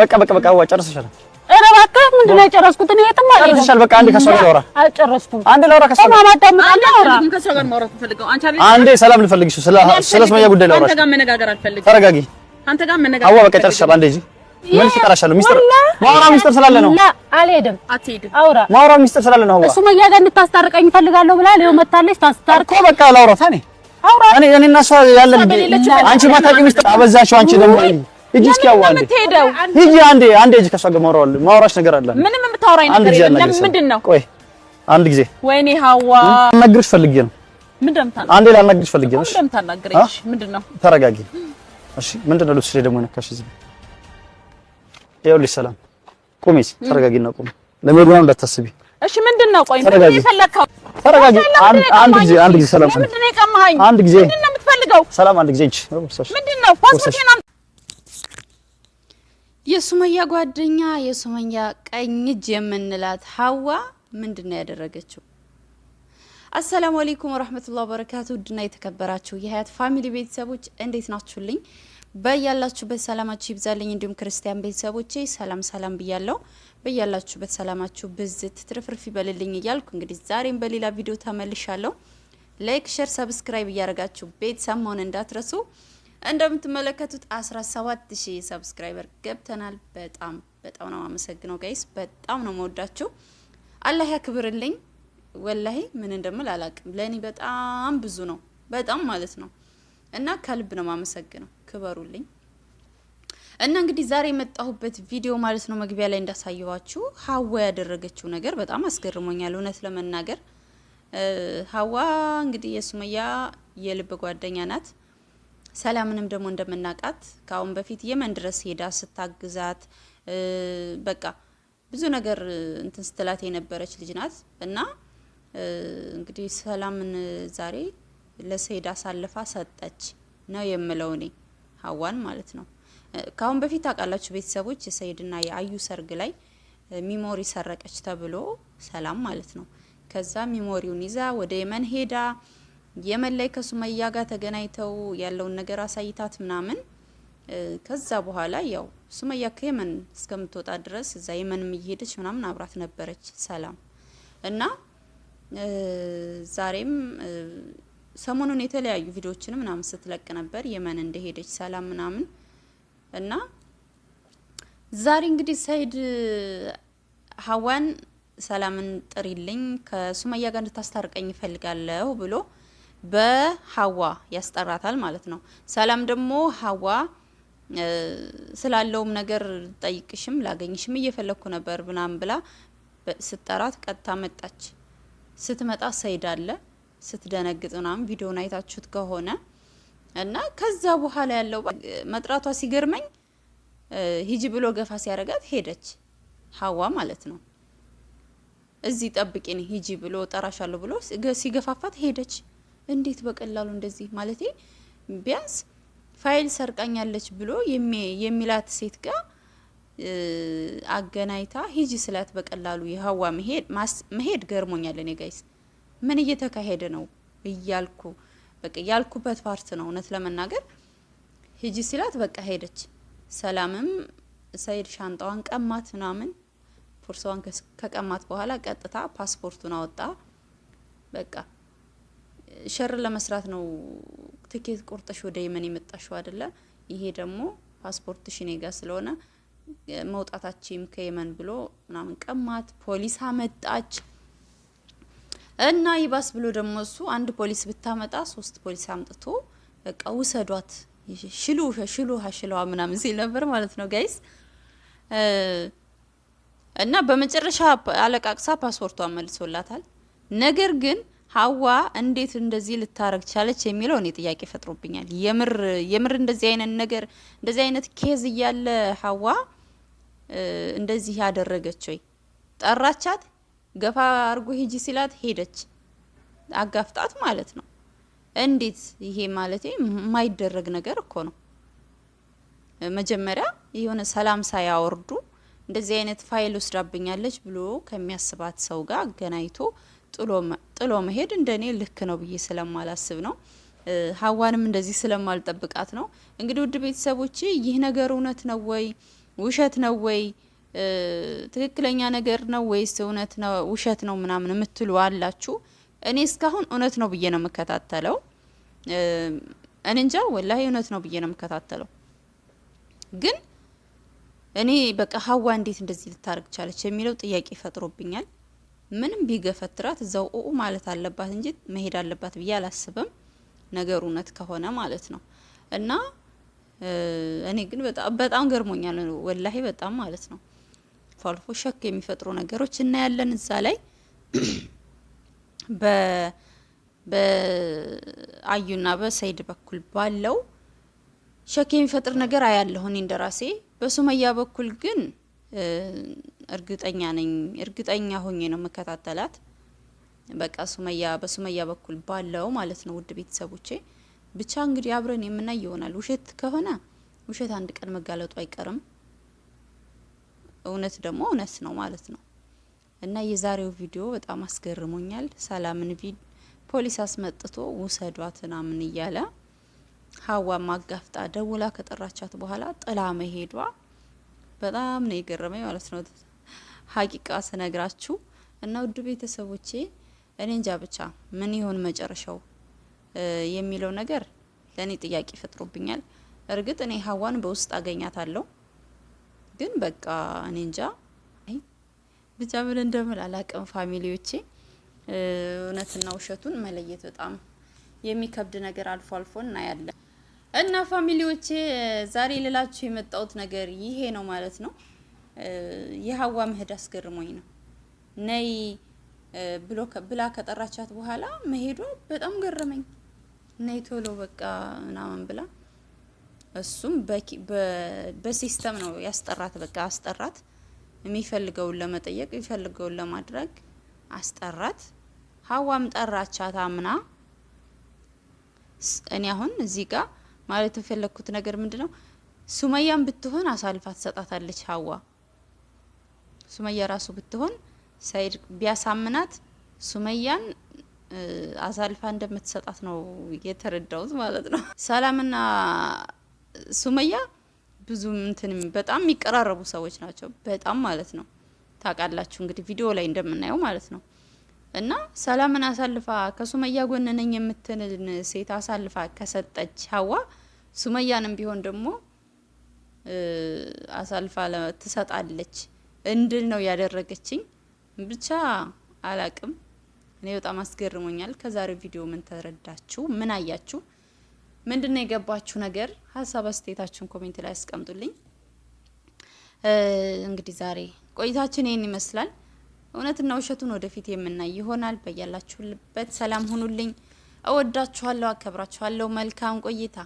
በቃ በቃ በቃ አዋ ጨርሰሻል። ኧረ እባክህ ምንድን ነው የጨረስኩት? እኔ የትም አልሄድም። ጨርሰሻል። በቃ አንዴ ከእሷ ጋር ላውራ። አልጨረስኩም። አንዴ ላውራ ከእሷ ጋር አንዴ ሰላም ልፈልግሽ፣ ስለ ሱመያ ጉዳይ ተረጋጊ። አዋ በቃ ጨርሰሻል። አንዴ ምን ሚስጥር ሚስጥር ስላለ ነው። አልሄድም። አትሄድም። አውራ ሚስጥር ስላለ ነው። አዋ ሱመያ ጋር እንድታስታርቀኝ እፈልጋለሁ ብላ መታለች። ታስታርቅ እኮ በቃ እኔ እኔ እና እሷ ያለን አንቺ ማታውቂው ሚስጥር አበዛሽው አንቺ ደግሞ ሂጂ እስኪ ያው አንዴ ሂጂ አንዴ አንዴ ሂጂ። ከእሷ ጋር ማውራሽ ነገር አለ። ምንም የምታወራኝ ነገር የለም። ምንድን ነው? ቆይ አንድ ጊዜ ወይኔ ሀዋ ልነግርሽ ፈልጌ ነው። አንዴ ላልነግርሽ ፈልጌ ነው። ምንድን ነው? ተረጋጊ እሺ። ምንድን ነው? ልብስሽ ደግሞ የነካሽ እዚህ ይኸውልሽ። ሰላም ቁሚ፣ ተረጋጊና ቁሚ። ለመሄድ ምናምን እንዳታስቢ እሺ። ምንድን ነው? ቆይ ተረጋጊ። አንድ ጊዜ አንድ ጊዜ ሰላም አንድ ጊዜ የምትፈልገው ሰላም አንድ ጊዜ እንጂ ፓስፖርት የሱመያ ጓደኛ የሱመያ ቀኝ እጅ የምንላት ሀዋ ምንድን ነው ያደረገችው? አሰላሙ አሌይኩም ወረህመቱላህ በረካቱ ውድና የተከበራችሁ የሀያት ፋሚሊ ቤተሰቦች እንዴት ናችሁልኝ? በያላችሁበት ሰላማችሁ ይብዛልኝ። እንዲሁም ክርስቲያን ቤተሰቦቼ ሰላም ሰላም ብያለው። በያላችሁበት ሰላማችሁ ብዝት ትርፍርፍ ይበልልኝ እያልኩ እንግዲህ ዛሬም በሌላ ቪዲዮ ተመልሻለሁ። ላይክ፣ ሸር፣ ሰብስክራይብ እያደረጋችሁ ቤተሰብ መሆን እንዳትረሱ እንደምትመለከቱት 17000 ሰብስክራይበር ገብተናል። በጣም በጣም ነው አመሰግነው ጋይስ፣ በጣም ነው መወዳችሁ። አላህ ያክብርልኝ። ወላሂ ምን እንደምል አላቅም። ለእኔ በጣም ብዙ ነው፣ በጣም ማለት ነው። እና ከልብ ነው ማመሰግነው። ክበሩልኝ። እና እንግዲህ ዛሬ የመጣሁበት ቪዲዮ ማለት ነው መግቢያ ላይ እንዳሳየዋችሁ ሀዋ ያደረገችው ነገር በጣም አስገርሞኛል። እውነት ለመናገር ሀዋ እንግዲህ የሱመያ የልብ ጓደኛ ናት። ሰላምንም ደግሞ እንደምናውቃት ከአሁን በፊት የመን ድረስ ሄዳ ስታግዛት በቃ ብዙ ነገር እንትን ስትላት የነበረች ልጅ ናት እና እንግዲህ ሰላምን ዛሬ ለሰይድ አሳልፋ ሰጠች ነው የምለው እኔ ሀዋን ማለት ነው። ከአሁን በፊት ታውቃላችሁ ቤተሰቦች የሰይድና የአዩ ሰርግ ላይ ሚሞሪ ሰረቀች ተብሎ ሰላም ማለት ነው። ከዛ ሚሞሪውን ይዛ ወደ የመን ሄዳ የመን ላይ ከሱመያ ጋር ተገናኝተው ያለውን ነገር አሳይታት ምናምን ከዛ በኋላ ያው ሱመያ ከየመን እስከምትወጣ ድረስ እዛ የመንም እየሄደች ምናምን አብራት ነበረች ሰላም እና ዛሬም ሰሞኑን የተለያዩ ቪዲዮዎችን ምናምን ስትለቅ ነበር የመን እንደሄደች ሰላም ምናምን እና ዛሬ እንግዲህ ሰይድ ሀዋን ሰላምን ጥሪልኝ ከሱመያ ጋር እንድታስታርቀኝ ይፈልጋለሁ ብሎ በሀዋ ያስጠራታል ማለት ነው። ሰላም ደግሞ ሀዋ ስላለውም ነገር ጠይቅሽም ላገኝሽም እየፈለግኩ ነበር ምናምን ብላ ስትጠራት ቀጥታ መጣች። ስትመጣ ሰይድ አለ ስትደነግጥ ምናምን ቪዲዮን አይታችሁት ከሆነ እና ከዛ በኋላ ያለው መጥራቷ ሲገርመኝ ሂጂ ብሎ ገፋ ሲያደርጋት ሄደች፣ ሀዋ ማለት ነው። እዚህ ጠብቂኝ ሂጂ ብሎ ጠራሻለሁ ብሎ ሲገፋፋት ሄደች። እንዴት በቀላሉ እንደዚህ ማለት ቢያንስ ፋይል ሰርቃኛለች ብሎ የሚላት ሴት ጋር አገናኝታ ሂጂ ስላት በቀላሉ የሀዋ መሄድ ገርሞኛል። እኔ ጋይስ ምን እየተካሄደ ነው እያልኩ በቃ ያልኩበት ፓርት ነው እውነት ለመናገር ሂጂ ሲላት በቃ ሄደች። ሰላምም ሰይድ ሻንጣዋን ቀማት ምናምን ፖርሰዋን ከቀማት በኋላ ቀጥታ ፓስፖርቱን አወጣ በቃ ሸር ለመስራት ነው ትኬት ቁርጥሽ ወደ የመን የመጣሽው አይደለ? ይሄ ደግሞ ፓስፖርትሽ እኔ ስለሆነ መውጣታችም ከየመን ብሎ ምናምን ቀማት። ፖሊስ አመጣች እና ይባስ ብሎ ደግሞ እሱ አንድ ፖሊስ ብታመጣ ሶስት ፖሊስ አምጥቶ በቃ ውሰዷት ሽሉ ሽሉ ሽለዋ ምናምን ሲል ነበር ማለት ነው ጋይስ። እና በመጨረሻ አለቃቅሳ ፓስፖርቷን መልሶላታል። ነገር ግን ሀዋ እንዴት እንደዚህ ልታረግ ቻለች የሚለው እኔ ጥያቄ ፈጥሮብኛል። የምር የምር እንደዚህ አይነት ነገር እንደዚህ አይነት ኬዝ እያለ ሀዋ እንደዚህ ያደረገች ወይ? ጠራቻት፣ ገፋ አርጎ ሂጂ ሲላት ሄደች፣ አጋፍጣት ማለት ነው። እንዴት ይሄ ማለት የማይደረግ ነገር እኮ ነው። መጀመሪያ የሆነ ሰላም ሳያወርዱ እንደዚህ አይነት ፋይል ወስዳብኛለች ብሎ ከሚያስባት ሰው ጋር አገናኝቶ ጥሎ መሄድ እንደ እኔ ልክ ነው ብዬ ስለማላስብ ነው። ሀዋንም እንደዚህ ስለማልጠብቃት ነው። እንግዲህ ውድ ቤተሰቦች ይህ ነገር እውነት ነው ወይ ውሸት ነው ወይ ትክክለኛ ነገር ነው ወይስ እውነት ነው ውሸት ነው ምናምን የምትሉ አላችሁ። እኔ እስካሁን እውነት ነው ብዬ ነው የምከታተለው። እኔ እንጃ ወላሂ እውነት ነው ብዬ ነው የምከታተለው። ግን እኔ በቃ ሀዋ እንዴት እንደዚህ ልታደርግ ቻለች የሚለው ጥያቄ ፈጥሮብኛል። ምንም ቢገፈትራት እዛው ኦኡ ማለት አለባት እንጂ መሄድ አለባት ብዬ አላስብም። ነገሩ እውነት ከሆነ ማለት ነው። እና እኔ ግን በጣም በጣም ገርሞኛል ወላሂ በጣም ማለት ነው። አልፎ ሸክ የሚፈጥሩ ነገሮች እናያለን እዛ ላይ በ በአዩና በሰይድ በኩል ባለው ሸክ የሚፈጥር ነገር አያለሁ እኔ እንደራሴ። በሱመያ በኩል ግን እርግጠኛ ነኝ እርግጠኛ ሆኜ ነው የምከታተላት። በቃ ሱመያ በሱመያ በኩል ባለው ማለት ነው። ውድ ቤተሰቦቼ ብቻ እንግዲህ አብረን የምናይ ይሆናል። ውሸት ከሆነ ውሸት አንድ ቀን መጋለጡ አይቀርም። እውነት ደግሞ እውነት ነው ማለት ነው። እና የዛሬው ቪዲዮ በጣም አስገርሞኛል። ሰላምን ቪ ፖሊስ አስመጥቶ ውሰዷት ምናምን እያለ ሀዋ ማጋፍጣ ደውላ ከጠራቻት በኋላ ጥላ መሄዷ በጣም ነው የገረመኝ ማለት ነው ሀቂቃ ስነግራችሁ እና ውድ ቤተሰቦቼ እኔ እንጃ ብቻ ምን ይሆን መጨረሻው የሚለው ነገር ለእኔ ጥያቄ ፈጥሮብኛል። እርግጥ እኔ ሀዋን በውስጥ አገኛታለሁ፣ ግን በቃ እኔ እንጃ ብቻ ምን እንደምል አላቅም። ፋሚሊዎቼ እውነትና ውሸቱን መለየት በጣም የሚከብድ ነገር አልፎ አልፎ እናያለን። እና ፋሚሊዎቼ ዛሬ ልላችሁ የመጣሁት ነገር ይሄ ነው ማለት ነው። የሀዋ መሄድ አስገርሞኝ ነው። ነይ ብሎ ብላ ከጠራቻት በኋላ መሄዷ በጣም ገረመኝ። ነይ ቶሎ በቃ ምናምን ብላ እሱም በሲስተም ነው ያስጠራት። በቃ አስጠራት፣ የሚፈልገውን ለመጠየቅ የሚፈልገውን ለማድረግ አስጠራት። ሀዋም ጠራቻት አምና። እኔ አሁን እዚህ ጋር ማለት የፈለግኩት ነገር ምንድነው ነው? ሱመያም ብትሆን አሳልፋ ትሰጣታለች ሀዋ። ሱመያ ራሱ ብትሆን ሰይድ ቢያሳምናት ሱመያን አሳልፋ እንደምትሰጣት ነው የተረዳሁት ማለት ነው። ሰላምና ሱመያ ብዙ እንትን በጣም የሚቀራረቡ ሰዎች ናቸው። በጣም ማለት ነው። ታውቃላችሁ እንግዲህ ቪዲዮ ላይ እንደምናየው ማለት ነው። እና ሰላምን አሳልፋ ከሱመያ ጎን ነኝ የምትልን ሴት አሳልፋ ከሰጠች ሀዋ ሱመያንም ቢሆን ደግሞ አሳልፋ ትሰጣለች እንድል ነው ያደረገችኝ። ብቻ አላቅም። እኔ በጣም አስገርሞኛል። ከዛሬው ቪዲዮ ምን ተረዳችሁ? ምን አያችሁ? ምንድነው የገባችሁ ነገር? ሀሳብ አስተያየታችሁን ኮሜንት ላይ አስቀምጡልኝ። እንግዲህ ዛሬ ቆይታችን ይህን ይመስላል። እውነትና ውሸቱን ወደፊት የምናይ ይሆናል። በያላችሁበት ሰላም ሁኑልኝ። እወዳችኋለሁ፣ አከብራችኋለሁ። መልካም ቆይታ